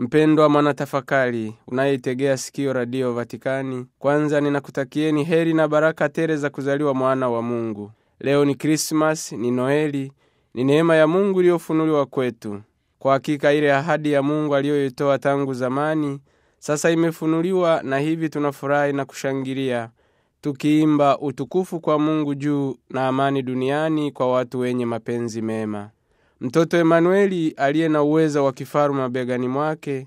Mpendwa mwanatafakari unayeitegea sikio Radio Vatikani, kwanza ninakutakieni heri na baraka tele za kuzaliwa mwana wa Mungu. Leo ni Krismas, ni Noeli, ni neema ya Mungu iliyofunuliwa kwetu. Kwa hakika ile ahadi ya Mungu aliyoitoa tangu zamani sasa imefunuliwa, na hivi tunafurahi na kushangilia tukiimba utukufu kwa Mungu juu na amani duniani kwa watu wenye mapenzi mema. Mtoto Emanueli aliye na uweza wa kifarume mabegani mwake,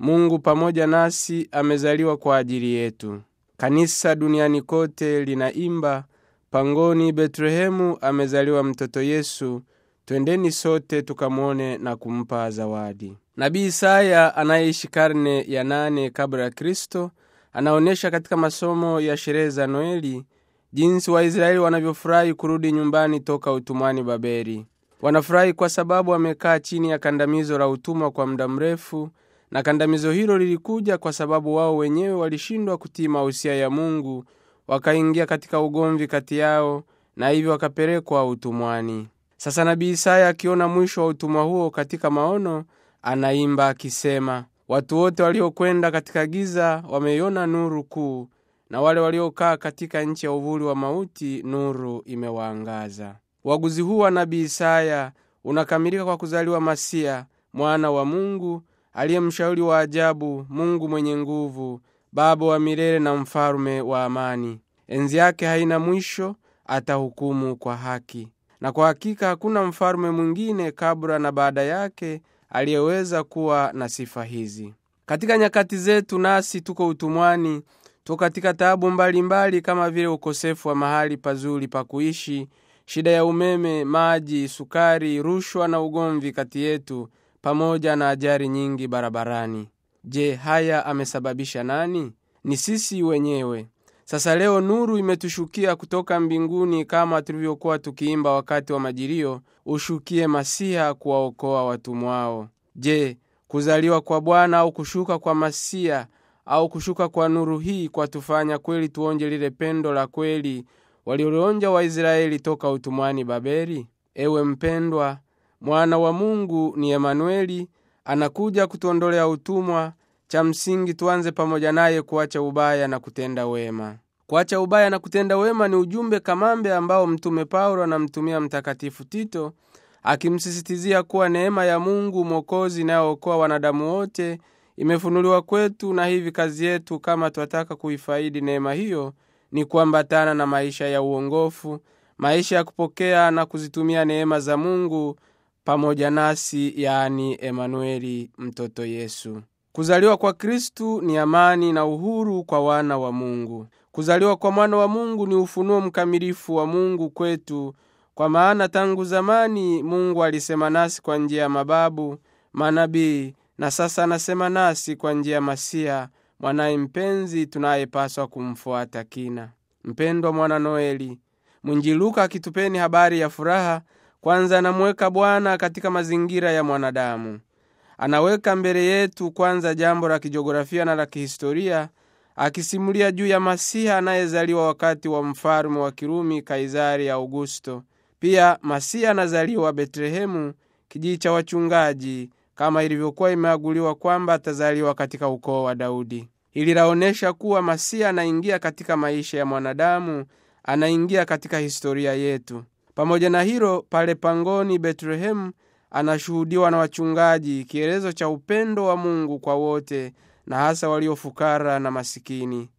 Mungu pamoja nasi amezaliwa kwa ajili yetu. Kanisa duniani kote linaimba pangoni Betlehemu amezaliwa mtoto Yesu, twendeni sote tukamwone na kumpa zawadi. Nabii Isaya anayeishi karne ya nane kabla ya Kristo anaonyesha katika masomo ya sherehe za Noeli jinsi Waisraeli wanavyofurahi kurudi nyumbani toka utumwani Babeli. Wanafurahi kwa sababu wamekaa chini ya kandamizo la utumwa kwa muda mrefu, na kandamizo hilo lilikuja kwa sababu wao wenyewe walishindwa kutii mausia ya Mungu, wakaingia katika ugomvi kati yao, na hivyo wakapelekwa utumwani. Sasa nabii Isaya akiona mwisho wa utumwa huo katika maono, anaimba akisema, watu wote waliokwenda katika giza wameiona nuru kuu, na wale waliokaa katika nchi ya uvuli wa mauti nuru imewaangaza. Uaguzi huu wa nabii Isaya unakamilika kwa kuzaliwa masiya mwana wa Mungu aliye mshauri wa ajabu, Mungu mwenye nguvu, Baba wa milele na mfalume wa amani. Enzi yake haina mwisho, atahukumu kwa haki, na kwa hakika hakuna mfalume mwingine kabla na baada yake aliyeweza kuwa na sifa hizi. Katika nyakati zetu, nasi tuko utumwani, tuko katika taabu mbalimbali, kama vile ukosefu wa mahali pazuri pa kuishi shida ya umeme, maji, sukari, rushwa na ugomvi kati yetu, pamoja na ajali nyingi barabarani. Je, haya amesababisha nani? Ni sisi wenyewe. Sasa leo nuru imetushukia kutoka mbinguni, kama tulivyokuwa tukiimba wakati wa Majilio, ushukie Masiha kuwaokoa watumwao. Je, kuzaliwa kwa Bwana au kushuka kwa Masiha au kushuka kwa nuru hii kwatufanya kweli tuonje lile pendo la kweli waliolionja Waisraeli toka utumwani Babeli? Ewe mpendwa, mwana wa Mungu ni Emanueli, anakuja kutuondolea utumwa. Cha msingi tuanze pamoja naye kuacha ubaya na kutenda wema. Kuacha ubaya na kutenda wema ni ujumbe kamambe ambao mtume Paulo anamtumia mtakatifu Tito, akimsisitizia kuwa neema ya Mungu Mwokozi inayookoa wanadamu wote imefunuliwa kwetu, na hivi kazi yetu kama twataka kuifaidi neema hiyo ni kuambatana na maisha ya uongofu, maisha ya kupokea na kuzitumia neema za Mungu pamoja nasi, yaani Emanueli, mtoto Yesu. Kuzaliwa kwa Kristu ni amani na uhuru kwa wana wa Mungu. Kuzaliwa kwa mwana wa Mungu ni ufunuo mkamilifu wa Mungu kwetu, kwa maana tangu zamani Mungu alisema nasi kwa njia ya mababu, manabii, na sasa anasema nasi kwa njia ya Masiya mwanaye mpenzi tunayepaswa kumfuata kina. Mpendwa mwana Noeli, mwinjiluka akitupeni habari ya furaha, kwanza anamweka Bwana katika mazingira ya mwanadamu. Anaweka mbele yetu kwanza jambo la kijiografia na la kihistoria, akisimulia juu ya Masiha anayezaliwa wakati wa mfalme wa Kirumi Kaisari Augusto. Pia Masiha anazaliwa Betlehemu, kijiji cha wachungaji, kama ilivyokuwa imeaguliwa kwamba atazaliwa katika ukoo wa Daudi. Hili kuwa Masihi anaingia katika maisha ya mwanadamu, anaingia katika historia yetu. Pamoja na hilo, pale pangoni Betlehemu anashuhudiwa na wachungaji, kielezo cha upendo wa Mungu kwa wote na hasa waliofukara na masikini.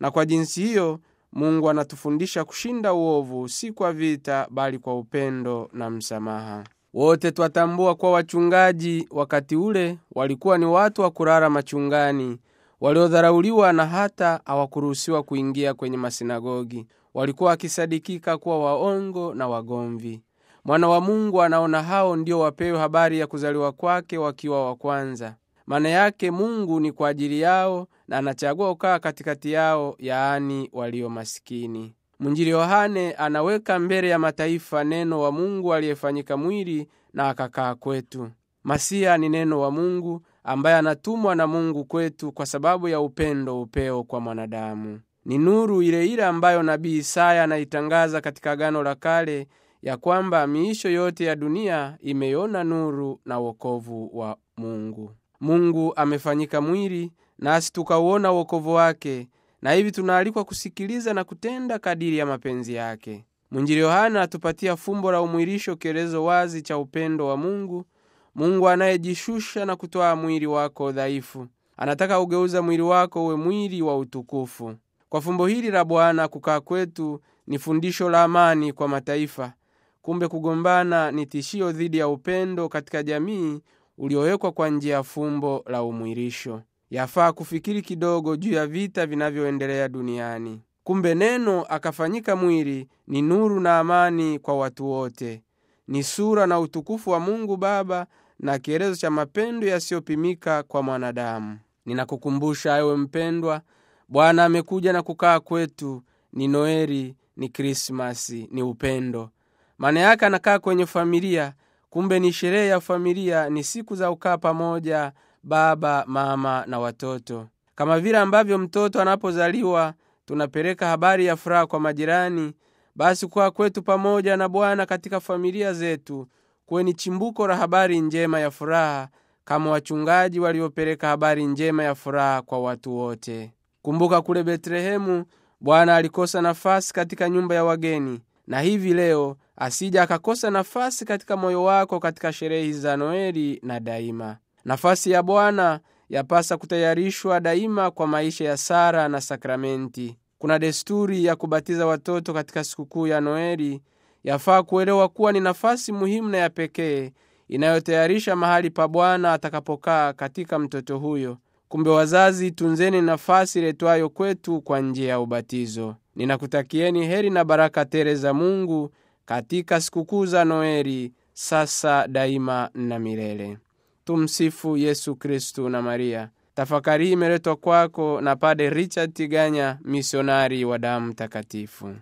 Na kwa jinsi hiyo Mungu anatufundisha kushinda uovu, si kwa vita, bali kwa upendo na msamaha. Wote twatambua kuwa wachungaji wakati ule walikuwa ni watu wa kulala machungani, waliodharauliwa na hata hawakuruhusiwa kuingia kwenye masinagogi. Walikuwa wakisadikika kuwa waongo na wagomvi. Mwana wa Mungu anaona hao ndio wapewe habari ya kuzaliwa kwake wakiwa wa kwanza. Maana yake Mungu ni kwa ajili yao na anachagua ukaa katikati yao, yaani walio masikini. Mwinjili Yohane anaweka mbele ya mataifa neno wa Mungu aliyefanyika mwili na akakaa kwetu. Masiya ni neno wa Mungu ambaye anatumwa na Mungu kwetu kwa sababu ya upendo upeo kwa mwanadamu. Ni nuru ile ile ambayo nabii Isaya anaitangaza katika Agano la Kale ya kwamba miisho yote ya dunia imeona nuru na wokovu wa Mungu. Mungu amefanyika mwili nasi tukauona wokovu wake, na hivi tunaalikwa kusikiliza na kutenda kadiri ya mapenzi yake. Mwinjili Yohana atupatia fumbo la umwilisho, kielezo wazi cha upendo wa Mungu Mungu anayejishusha na kutoa mwili wako dhaifu, anataka ugeuza mwili wako uwe mwili wa utukufu. Kwa fumbo hili la Bwana, kukaa kwetu ni fundisho la amani kwa mataifa. Kumbe kugombana ni tishio dhidi ya upendo katika jamii uliowekwa kwa njia ya fumbo la umwirisho. Yafaa kufikiri kidogo juu ya vita vinavyoendelea duniani. Kumbe neno akafanyika mwili ni nuru na amani kwa watu wote, ni sura na utukufu wa Mungu Baba na kielezo cha mapendo yasiyopimika kwa mwanadamu. Ninakukumbusha ewe mpendwa, Bwana amekuja na kukaa kwetu. Ni Noeli, ni Krismasi, ni upendo. Maana yake anakaa kwenye familia, kumbe ni sherehe ya familia, ni siku za ukaa pamoja, baba, mama na watoto. Kama vile ambavyo mtoto anapozaliwa tunapeleka habari ya furaha kwa majirani, basi kukaa kwetu pamoja na Bwana katika familia zetu kuwe ni chimbuko la habari njema ya furaha kama wachungaji waliopeleka habari njema ya furaha kwa watu wote. Kumbuka kule Betlehemu Bwana alikosa nafasi katika nyumba ya wageni, na hivi leo asija akakosa nafasi katika moyo wako katika sherehe za Noeli na daima. Nafasi ya Bwana yapasa kutayarishwa daima kwa maisha ya sara na sakramenti. Kuna desturi ya kubatiza watoto katika sikukuu ya Noeli yafaa kuelewa kuwa ni nafasi muhimu na ya pekee inayotayarisha mahali pa Bwana atakapokaa katika mtoto huyo. Kumbe wazazi, tunzeni nafasi iletwayo kwetu kwa njia ya ubatizo. Ninakutakieni heri na baraka tele za Mungu katika sikukuu za Noeli, sasa daima na milele. Tumsifu Yesu Kristu. Na Maria, tafakari imeletwa kwako na Pade Richard Tiganya, misionari wa damu takatifu.